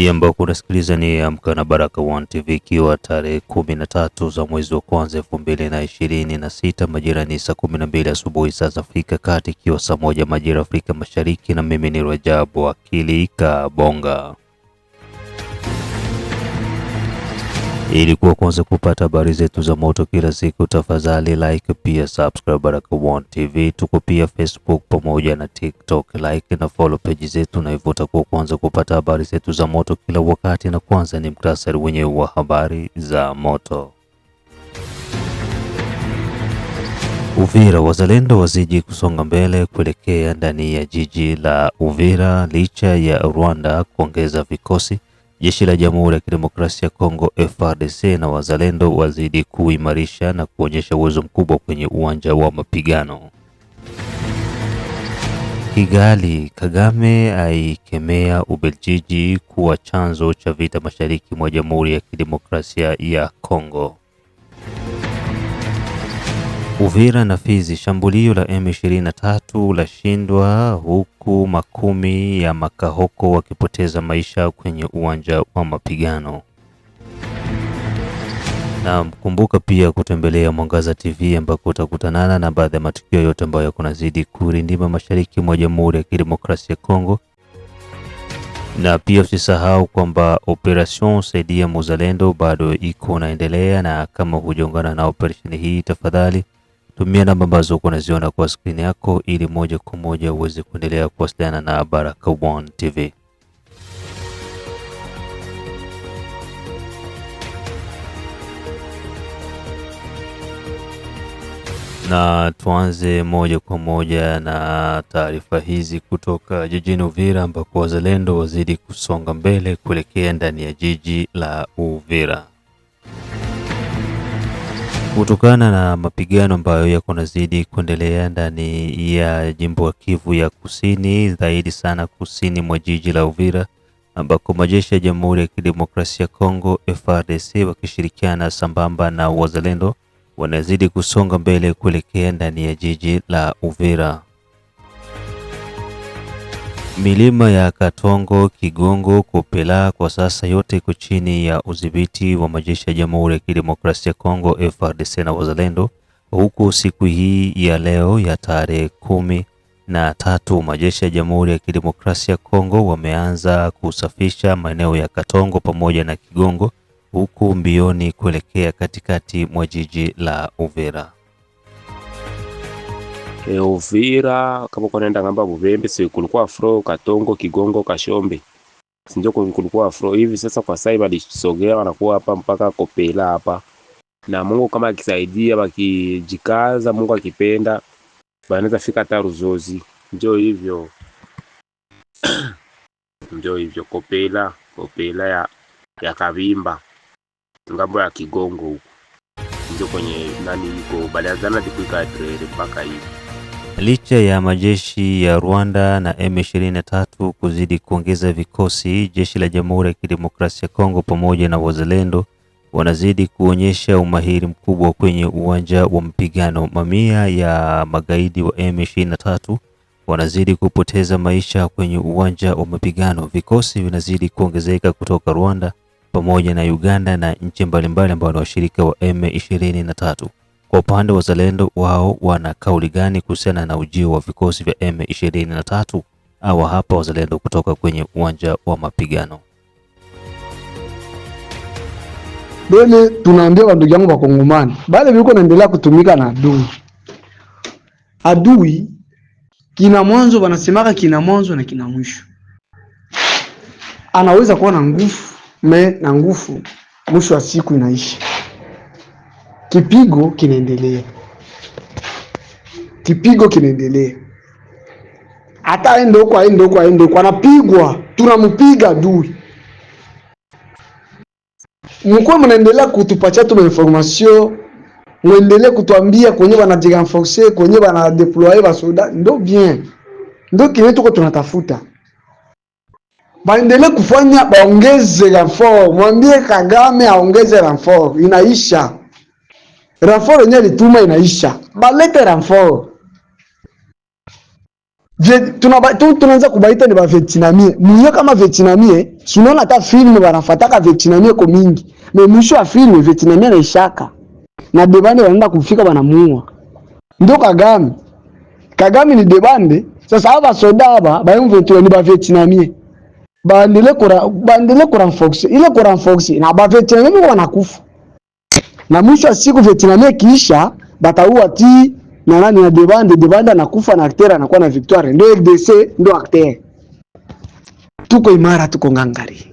hii ambao kunasikiliza ni Amka na Baraka One TV, ikiwa tarehe kumi na tatu za mwezi wa kwanza elfu mbili na ishirini na sita majira ni saa kumi na mbili asubuhi saa za Afrika Kati, ikiwa saa moja majira Afrika Mashariki, na mimi ni Rajabu Akili Kabonga. Ili kuwa kwanza kupata habari zetu za moto kila siku, tafadhali like pia subscribe baraka One TV. Tuko pia Facebook pamoja na TikTok, like na follow page zetu, na hivyo utakuwa kwanza kupata habari zetu za moto kila wakati. Na kwanza ni mktasari wenyewe wa habari za moto. Uvira, wazalendo waziji kusonga mbele kuelekea ndani ya jiji la Uvira licha ya Rwanda kuongeza vikosi Jeshi la Jamhuri ya Kidemokrasia ya Kongo frdc na wazalendo wazidi kuimarisha na kuonyesha uwezo mkubwa kwenye uwanja wa mapigano. Kigali, Kagame aikemea Ubelgiji kuwa chanzo cha vita mashariki mwa Jamhuri ya Kidemokrasia ya Kongo. Uvira na Fizi, shambulio la M23 lashindwa huku makumi ya makahoko wakipoteza maisha kwenye uwanja wa mapigano. Na kumbuka pia kutembelea Mwangaza TV ambako utakutanana na baadhi ya matukio yote ambayo yakunazidi kurindima mashariki mwa Jamhuri ya Kidemokrasia ya Kongo, na pia usisahau kwamba operation saidia muzalendo bado iko naendelea, na kama hujaungana na operesheni hii, tafadhali Tumia namba ambazo uko unaziona kwa skrini yako ili moja kwa moja uweze kuendelea kuwasiliana na Baraka1 TV. Na tuanze moja kwa moja na taarifa hizi kutoka jijini Uvira ambako wazalendo wazidi kusonga mbele kuelekea ndani ya jiji la Uvira. Kutokana na mapigano ambayo yako nazidi kuendelea ndani ya jimbo la Kivu ya Kusini, zaidi sana kusini mwa jiji la Uvira, ambako majeshi ya Jamhuri ya Kidemokrasia ya Kongo FRDC wakishirikiana sambamba na wazalendo wanazidi kusonga mbele kuelekea ndani ya jiji la Uvira. Milima ya Katongo, Kigongo, Kopela kwa sasa yote iko chini ya udhibiti wa majeshi ya Jamhuri ya Kidemokrasia ya Kongo FRDC na Wazalendo, huku siku hii ya leo ya tarehe kumi na tatu majeshi ya Jamhuri ya Kidemokrasia ya Kongo wameanza kusafisha maeneo ya Katongo pamoja na Kigongo, huku mbioni kuelekea katikati mwa jiji la Uvira e, Uvira kama uko naenda ngamba Bubembe, si kulikuwa afro Katongo, Kigongo, Kashombe, si ndio kulikuwa afro hivi. Sasa kwa sasa walisogea wanakuwa hapa mpaka Kopela hapa, na Mungu kama akisaidia, wakijikaza, Mungu akipenda, wanaweza fika hata Ruzozi. Ndio hivyo ndio hivyo Kopela, Kopela ya, ya Kabimba ngambo ya Kigongo huko ndio kwenye nani iko baliazana dikuikadrere mpaka hivi Licha ya majeshi ya Rwanda na M23 kuzidi kuongeza vikosi, jeshi la Jamhuri ya Kidemokrasia ya Kongo pamoja na wazalendo wanazidi kuonyesha umahiri mkubwa kwenye uwanja wa mapigano. Mamia ya magaidi wa M23 wanazidi kupoteza maisha kwenye uwanja wa mapigano. Vikosi vinazidi kuongezeka kutoka Rwanda pamoja na Uganda na nchi mbalimbali ambao ni washirika wa M23. Kwa upande wa wazalendo, wao wana kauli gani kuhusiana na ujio wa vikosi vya M23? Au hapa wazalendo kutoka kwenye uwanja wa mapigano. Bele tunaambiwa ndugu yangu Wakongomani, bale viko naendelea kutumika na adui. Adui kina mwanzo, wanasemaka kina mwanzo na kina mwisho. Anaweza kuwa na nguvu me na nguvu, mwisho wa siku inaisha. Kipigo kinaendelea, kipigo kinaendelea, hata aende huko aende huko aende huko, anapigwa, tunampiga dui. Mkuwe mnaendelea kutupatia tu information, mwendelee kutuambia kwenye wanajirenforce, kwenye wanadeploye basoda, ndo bien, ndo kile tuko tunatafuta baendelee kufanya, baongeze renfort, mwambie Kagame aongeze renfort, inaisha Ranforo yenyewe alituma inaisha, balete ranforo. Tunaanza kubaita ni bavietnamie mwenyewe, kama vietnamie sunaona hata filmu wanafataka vietnamie ko mingi me, mwisho wa filmu vietnamie anaishaka na debande wanaenda kufika wanamuua. Ndio kagami kagami ni debande. Sasa aba soda aba bayumventwe ni bavietnamie baendele kura baendele kura fox ile kura fox na bavietnamie wanakufa na mwisho wa siku Vietnamien kiisha bataua ti na nani na Debande, Debande na kufa na acteur anakuwa na victoire, ndio RDC ndio acteur. Tuko imara, tuko ngangari,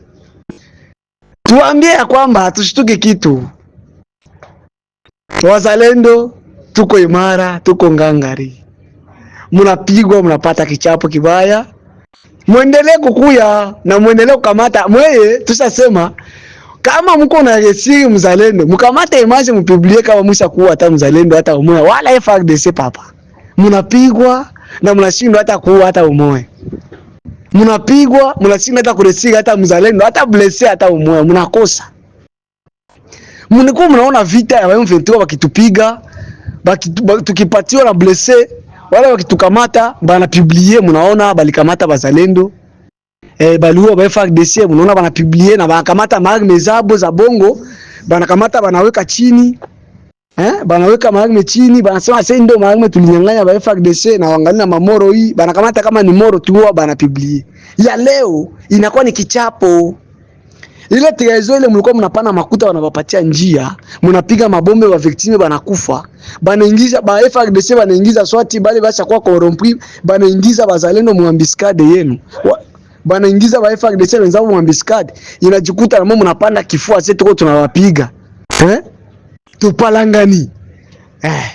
tuambie ya kwamba hatushtuki kitu. Wazalendo tuko imara, tuko ngangari. Mnapigwa, mnapata kichapo kibaya, mwendelee kukuya na mwendelee kukamata mweye, tushasema kama mko na jesiri mzalendo, mkamata image mpublie kama msha kuwa hata mzalendo hata umoya wala FARDC papa. Mnapigwa na mnashindwa hata kuwa hata umoya. Mnapigwa, mnashindwa hata kuresiga hata mzalendo hata blesse hata umoya mnakosa. Mnikuwa mnaona vita ya M23 wakitupiga, tukipatiwa na blesse wala wakitukamata bana piblie, mnaona balikamata bazalendo eh, baliua ba FARDC unaona banapiblie na banakamata maarme zabo za bongo, banakamata banaweka chini eh, banaweka maarme chini, banasema sasa ndio maarme tulinyang'anya ba FARDC na wangalia mamoro hii, banakamata kama ni moro tu, banapiblie ya leo inakuwa ni kichapo ile trezo ile mlikuwa mnapana makuta wanawapatia njia, mnapiga mabombe wa victime banakufa, banaingiza ba FARDC banaingiza swati bale basha kwa corrompre, banaingiza bazalendo muambiskade yenu banaingiza ba FARDC wenzao mwa biskadi, inajikuta na mimi mnapanda kifua zetu kwa tunawapiga eh, tupalangani eh,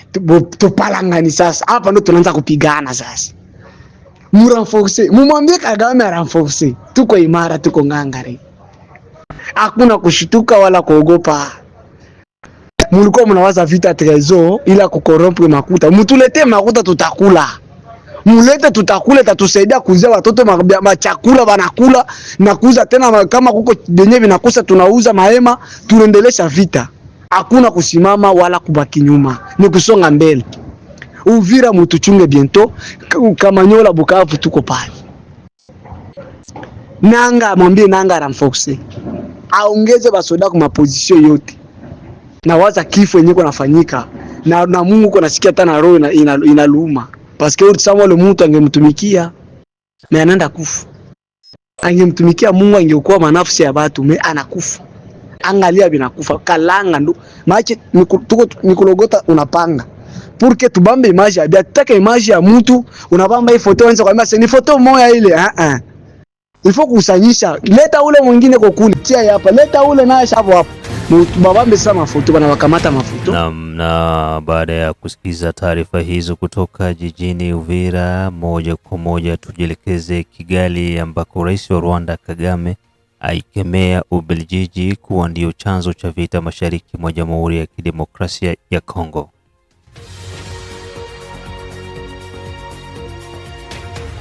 tupalangani. Sasa hapa ndo tunaanza kupigana sasa, murenforce, mumwambie Kagame arenforce, tuko imara, tuko ngangari, hakuna kushituka wala kuogopa. Mulikuwa mnawaza vita trezo ila kukorompe makuta, mutulete makuta tutakula mulete, tutakula tatusaidia kuzia watoto machakula wanakula na kuuza tena, kama kuko denye vinakosa tunauza mahema, tunaendelesha vita. Hakuna kusimama wala kubaki nyuma, ni kusonga mbele. Uvira mutuchunge biento, Kamanyola, Bukavu tuko pale. Nanga mwambie Nanga Ramfoxi aongeze basoda kwa mapozisio yote, nawaza kifo yenyewe kunafanyika na, na Mungu kunasikia hata roho inaluma ina, ina Paske uri kusama ule mtu angemtumikia me anaenda kufa, angemtumikia Mungu angeokoa manafsi ya batu me anakufa, angalia binakufa kalanga ndo machi nikulogota unapanga purke tubambe imaji ya bia imaji ya mtu unabamba hii foto wenza kwa sasa ni foto moja ile a ah, a ah. ifo kusanyisha, leta ule mwingine kokuni tia hapa, leta ule naye hapo hapa mutubabambesa mafutu wakamata mafutu nam. Na baada ya kusikiza taarifa hizo kutoka jijini Uvira, moja kwa moja tujielekeze Kigali, ambako rais wa Rwanda Kagame aikemea Ubelgiji kuwa ndio chanzo cha vita mashariki mwa Jamhuri ya Kidemokrasia ya Kongo.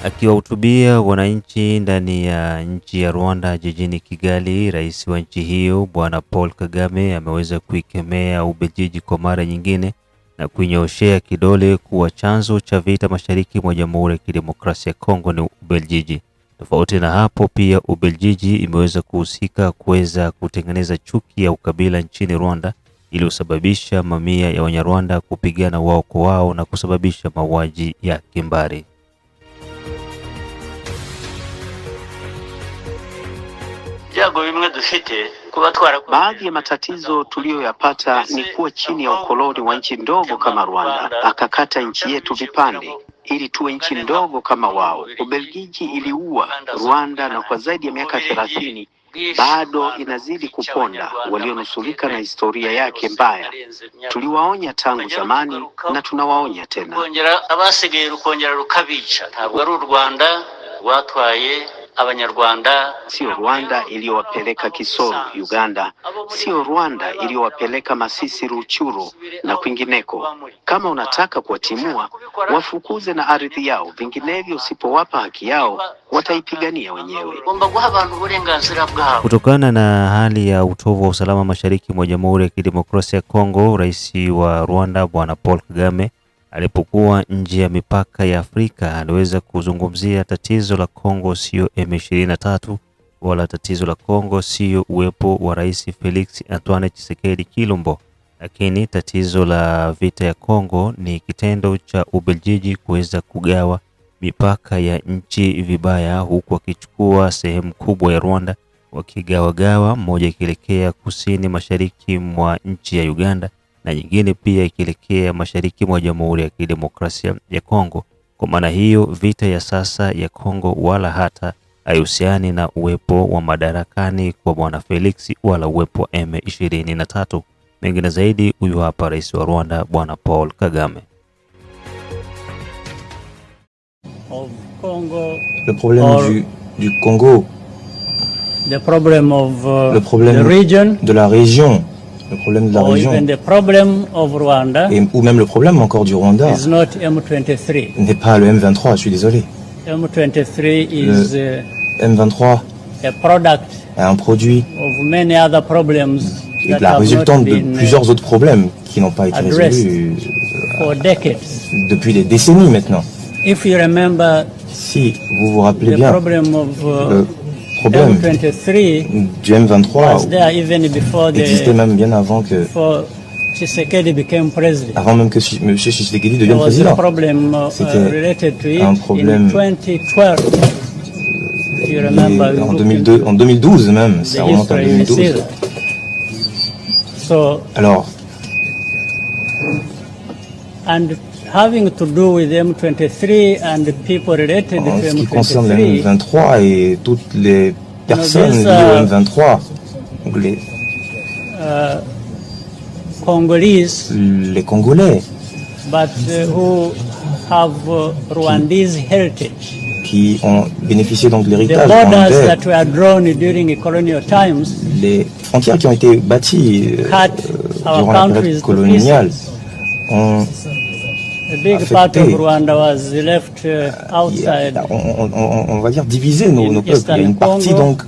Akiwahutubia wananchi ndani ya nchi ya Rwanda jijini Kigali, rais wa nchi hiyo Bwana Paul Kagame ameweza kuikemea Ubelgiji kwa mara nyingine na kuinyooshea kidole kuwa chanzo cha vita mashariki mwa Jamhuri ya Kidemokrasia ya Kongo ni Ubelgiji. Tofauti na hapo, pia Ubelgiji imeweza kuhusika kuweza kutengeneza chuki ya ukabila nchini Rwanda iliyosababisha mamia ya Wanyarwanda kupigana wao kwa wao na kusababisha mauaji ya kimbari. Baadhi ya matatizo tuliyoyapata ni kuwa chini ya ukoloni wa nchi ndogo kama Rwanda, akakata nchi yetu vipande ili tuwe nchi ndogo kama wao. Ubelgiji iliua Rwanda na kwa zaidi ya miaka thelathini bado inazidi kuponda walionusulika na historia yake mbaya. Tuliwaonya tangu zamani na tunawaonya tena. Abanyarwanda sio Rwanda iliyowapeleka Kisoro Uganda, sio Rwanda iliyowapeleka Masisi Ruchuru na kwingineko. Kama unataka kuwatimua, wafukuze na ardhi yao, vinginevyo usipowapa haki yao wataipigania wenyewe. Kutokana na hali ya utovu wa usalama mashariki mwa Jamhuri ya Kidemokrasia ya Kongo, Rais wa Rwanda Bwana Paul Kagame Alipokuwa nje ya mipaka ya Afrika aliweza kuzungumzia tatizo la Kongo sio M23 wala tatizo la Kongo sio uwepo wa Rais Felix Antoine Tshisekedi Kilombo, lakini tatizo la vita ya Kongo ni kitendo cha Ubelgiji kuweza kugawa mipaka ya nchi vibaya, huku wakichukua sehemu kubwa ya Rwanda wakigawagawa, moja ikielekea kusini mashariki mwa nchi ya Uganda na nyingine pia ikielekea mashariki mwa Jamhuri ya Kidemokrasia ya Kongo. Kwa maana hiyo, vita ya sasa ya Kongo wala hata haihusiani na uwepo wa madarakani kwa bwana Felix wala uwepo wa M23. Mengine zaidi, huyu hapa rais wa Rwanda bwana Paul Kagame. Of Congo, le problème du, du Congo. Uh, le problème de la région le problème de la région, ou même le problème encore du Rwanda, n'est pas le M23, je suis désolé. M23 M23 est un produit et la résultante de uh, plusieurs autres problèmes qui n'ont pas été résolus euh, depuis des décennies maintenant. Si vous vous rappelez bien, problème. m 23 existait même bien avant que. Avant M. Tshisekedi devienne président. Uh, uh, C'était un problème. Euh, en en 2012 même, ça remonte à 2012. Alors, en ce qui concerne le M23 et toutes les personnes liées au uh, M23, uh, les, Congolais, les uh, Congolais, qui ont bénéficié donc de l'héritage rwandais, les frontières qui ont été bâties euh, durant la période coloniale ont big left uh, ah, outside. on, on, on, va dire diviser nos, nos peuples. Il y a une partie donc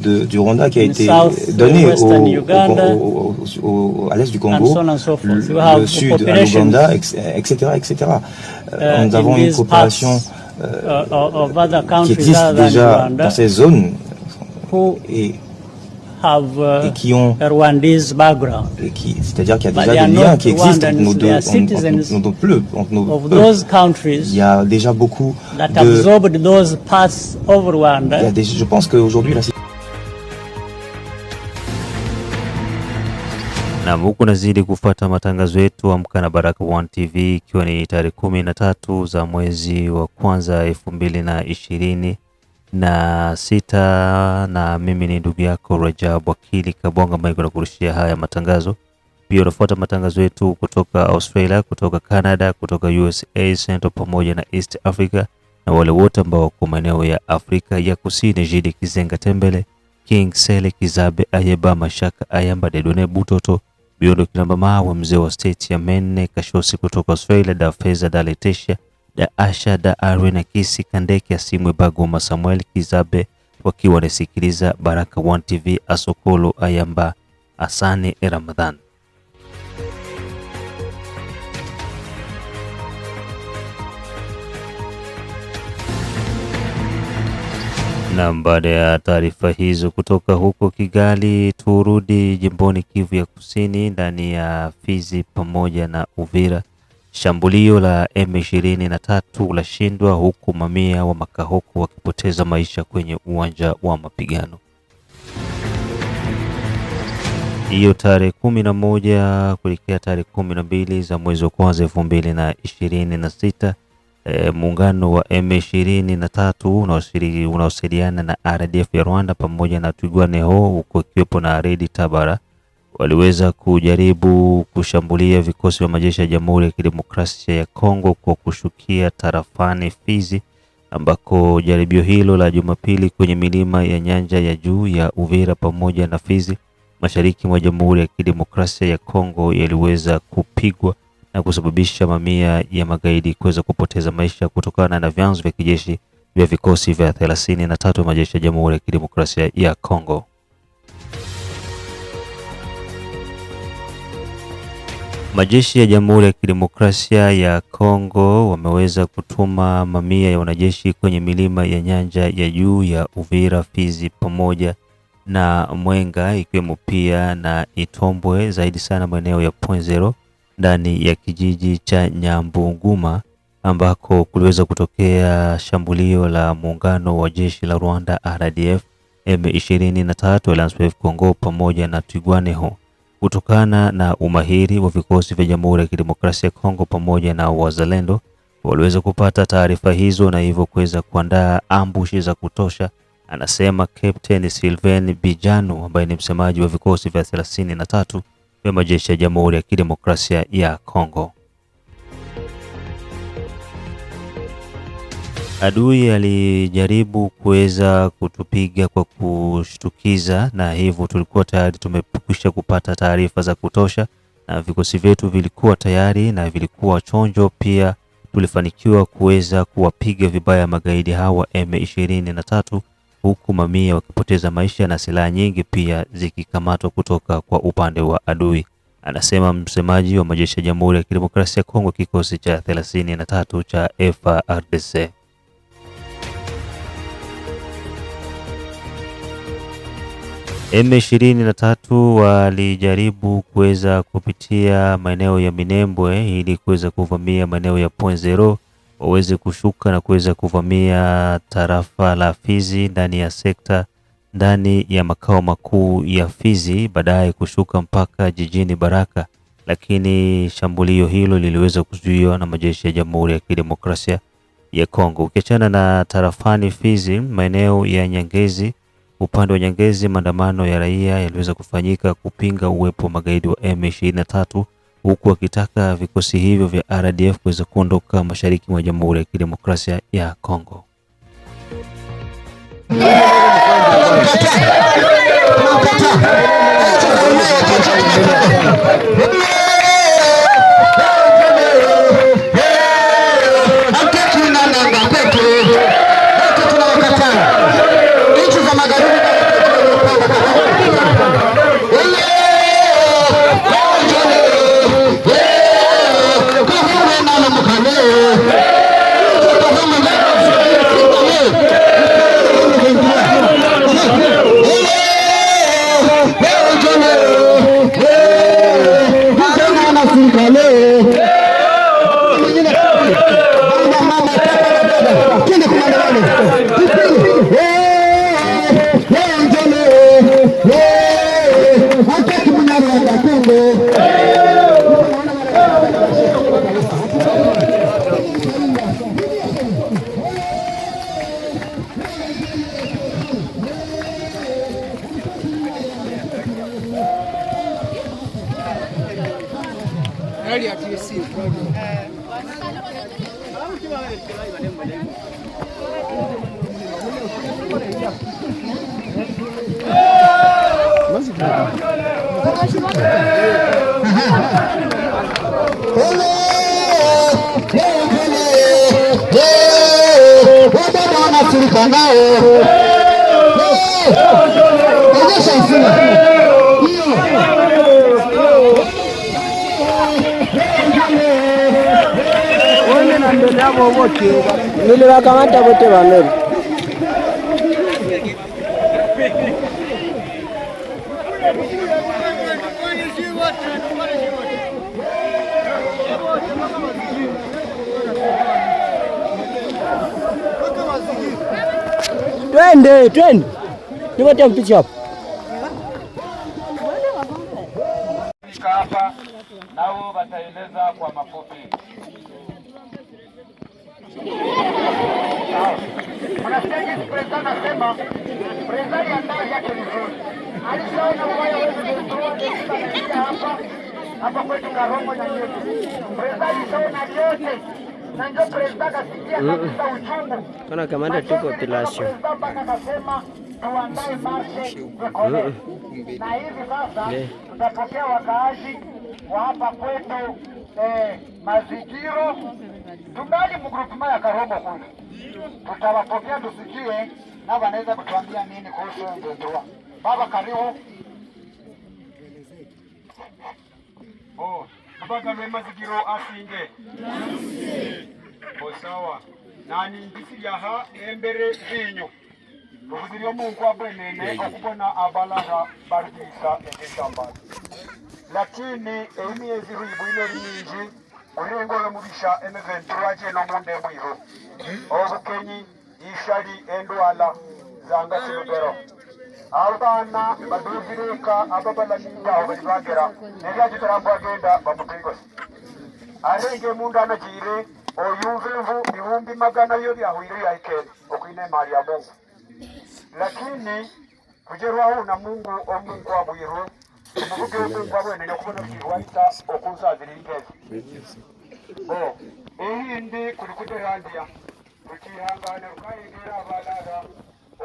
de, du Rwanda qui a été uh, donnée au, au, au, à l'est du Congo, so le, sud à l'Ouganda, etc. etc. Uh, euh, nous avons une coopération euh, qui existe déjà dans ces zones. Et have uh, et qui ont Rwandese background. C'est-à-dire qu'il y a déjà des liens qui existent entre nos deux, entre, nos peuples. Il y a déjà beaucoup de... Those parts of Rwanda. Il y a des, je pense qu'aujourd'hui la Nam, huku nazidi kufuata matangazo yetu Amka na Baraka One TV, ikiwa ni tarehe kumi na tatu za mwezi wa kwanza elfu mbili na ishirini na sita na mimi ni ndugu yako Rajab Wakili Kabonga ambaye na kurushia haya matangazo. Pia unafuata matangazo yetu kutoka Australia, kutoka Canada, kutoka USA Central pamoja na East Africa na wale wote ambao wako maeneo ya Afrika ya Kusini, Jidi Kizenga Tembele, King Sele Kizabe, Ayeba Mashaka, Ayamba Dedone Butoto, Biondo Kinamba Mawe, mzee wa state ya Menne Kashosi kutoka Australia, Dafeza Daletesha da Asha da Arwe na Kisi Kandeke Asimwe Bagoma Samuel Kizabe wakiwa wanasikiliza Baraka One TV. Asokolo Ayamba Asane Ramadhan. Na baada ya taarifa hizo kutoka huko Kigali, turudi jimboni Kivu ya Kusini, ndani ya Fizi pamoja na Uvira Shambulio la M23 lashindwa huku mamia wa makahoko wakipoteza maisha kwenye uwanja wa mapigano. Hiyo tarehe kumi na moja kuelekea tarehe kumi na mbili za mwezi wa kwanza elfu mbili na ishirini na sita e, muungano wa M23 unaosaidiana na RDF ya Rwanda pamoja na Twirwaneho huko ikiwepo na redi Tabara waliweza kujaribu kushambulia vikosi vya majeshi ya Jamhuri ya Kidemokrasia ya Kongo kwa kushukia tarafani Fizi ambako jaribio hilo la Jumapili kwenye milima ya nyanja ya juu ya Uvira pamoja na Fizi mashariki mwa Jamhuri ya Kidemokrasia ya Kongo yaliweza kupigwa na kusababisha mamia ya magaidi kuweza kupoteza maisha kutokana na vyanzo vya kijeshi vya vikosi vya thelathini na tatu majeshi ya Jamhuri ya Kidemokrasia ya Kongo. Majeshi ya Jamhuri ya Kidemokrasia ya Kongo wameweza kutuma mamia ya wanajeshi kwenye milima ya nyanja ya juu ya Uvira, Fizi pamoja na Mwenga ikiwemo pia na Itombwe, zaidi sana maeneo ya Point Zero ndani ya kijiji cha Nyambunguma ambako kuliweza kutokea shambulio la muungano wa jeshi la Rwanda RDF M23 Congo pamoja na Twirwaneho Kutokana na umahiri wa vikosi vya Jamhuri ya Kidemokrasia ya Kongo pamoja na wazalendo, waliweza kupata taarifa hizo na hivyo kuweza kuandaa ambushi za kutosha, anasema Captain Sylvain bijanu ambaye ni msemaji wa vikosi vya 33 na vya majeshi ya Jamhuri ya Kidemokrasia ya Kongo. Adui alijaribu kuweza kutupiga kwa kushtukiza, na hivyo tulikuwa tayari tumekwisha kupata taarifa za kutosha, na vikosi vyetu vilikuwa tayari na vilikuwa chonjo. Pia tulifanikiwa kuweza kuwapiga vibaya magaidi hawa M23, huku mamia wakipoteza maisha na silaha nyingi pia zikikamatwa kutoka kwa upande wa adui, anasema msemaji wa majeshi ya Jamhuri ya Kidemokrasia ya Kongo, kikosi cha 33 cha FARDC. M23 walijaribu kuweza kupitia maeneo ya Minembwe ili kuweza kuvamia maeneo ya Point Zero, waweze kushuka na kuweza kuvamia tarafa la Fizi ndani ya sekta ndani ya makao makuu ya Fizi, baadaye kushuka mpaka jijini Baraka, lakini shambulio hilo liliweza kuzuiwa na majeshi ya Jamhuri ya Kidemokrasia ya Kongo. Ukiachana na tarafani Fizi, maeneo ya Nyangezi Upande wa Nyangezi, maandamano ya raia yaliweza kufanyika kupinga uwepo wa magaidi wa M23 huku wakitaka vikosi hivyo vya RDF kuweza kuondoka mashariki mwa Jamhuri ya Kidemokrasia ya Kongo. Niliwakamata wote wanori Twende, twende. Nipatie mpicha hapo. Hapa nao wataeleza kwa Hapa kwetu Karongo na Kana kamanda, tuko pilasho na hivi sasa tutapokea wakaaji wa hapa kwetu Mazigiro, tungali mgrupuma ya Karobo kule, tutawapokea tusikie na wanaweza kutuambia nini kuhusu ndodoa. Baba, karibu kabaga mazigiro asinge osawa nani ndisi yaha nembere vinyu nobuzirya mungu abwenene okubona abalaha barugisa ebyeshambani lakini emyezi rwibwile minji urengo lomulisha emeventura jeno munde mwiro obukenyi ishali endwala zanga silubero abana badugireka ababalasinya obulibagera ebyagiteramba agenda bamutigose arenge mundu anajire oyumva imvu bihumbi magana yo byahwire yaikenda okwine mali ya Mungu lakini kujerwaho na Mungu omungu abwiru umuvuge mungu abwene nokubona bwirwaita okunzazira inkeza bo ehindi kuri kuderandia rukihangane rukayegera abalala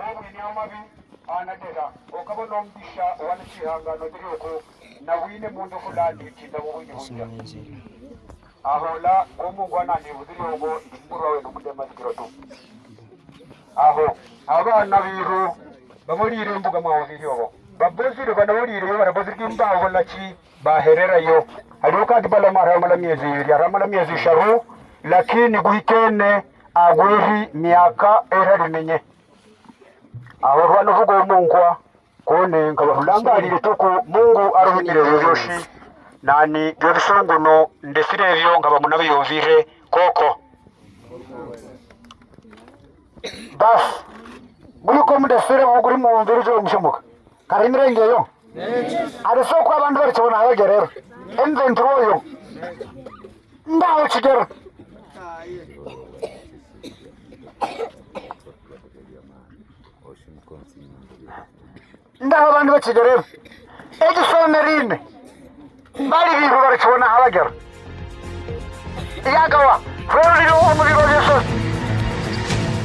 obwini amabi anatera okabona omugisha wanekihangano bireko nawine mundu kulandiitinda bubwinyi ahola komungu ananibuziryogo ndimurwawe nomudemazikiro aho abana biru bamulire embuga mwawo biryobo babuzire banabulire barabuzirwa imbaho naki bahererayo hariho kandi balamarhamala miezi ibiri aramala miezi isharu lakini guhikene agwehi miaka erarimenye aho vano vuga omungwa kone nkabahulangalile tuku mungu aruhumile vyoshi nani byo bisunguno ndesire ebyo nga bamuna biyovire koko basi guliko mudesire buguri muwumvire jo mushomoka karimirenje yo arese ko abantu barikibona ayo gerero emventiri oyo ndaho kigero ndaho abantu bakiga rero bari habagera yagawa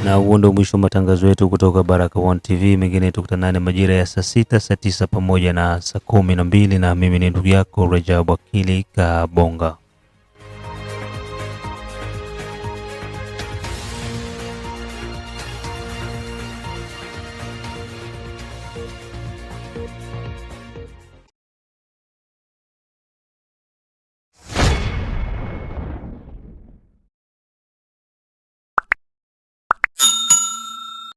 na huo ndio mwisho wa matangazo yetu kutoka Baraka One TV. Mengine tukutanane majira ya saa sita, saa tisa pamoja na saa kumi na mbili, na mimi ni ndugu yako rajab Akili Kabonga.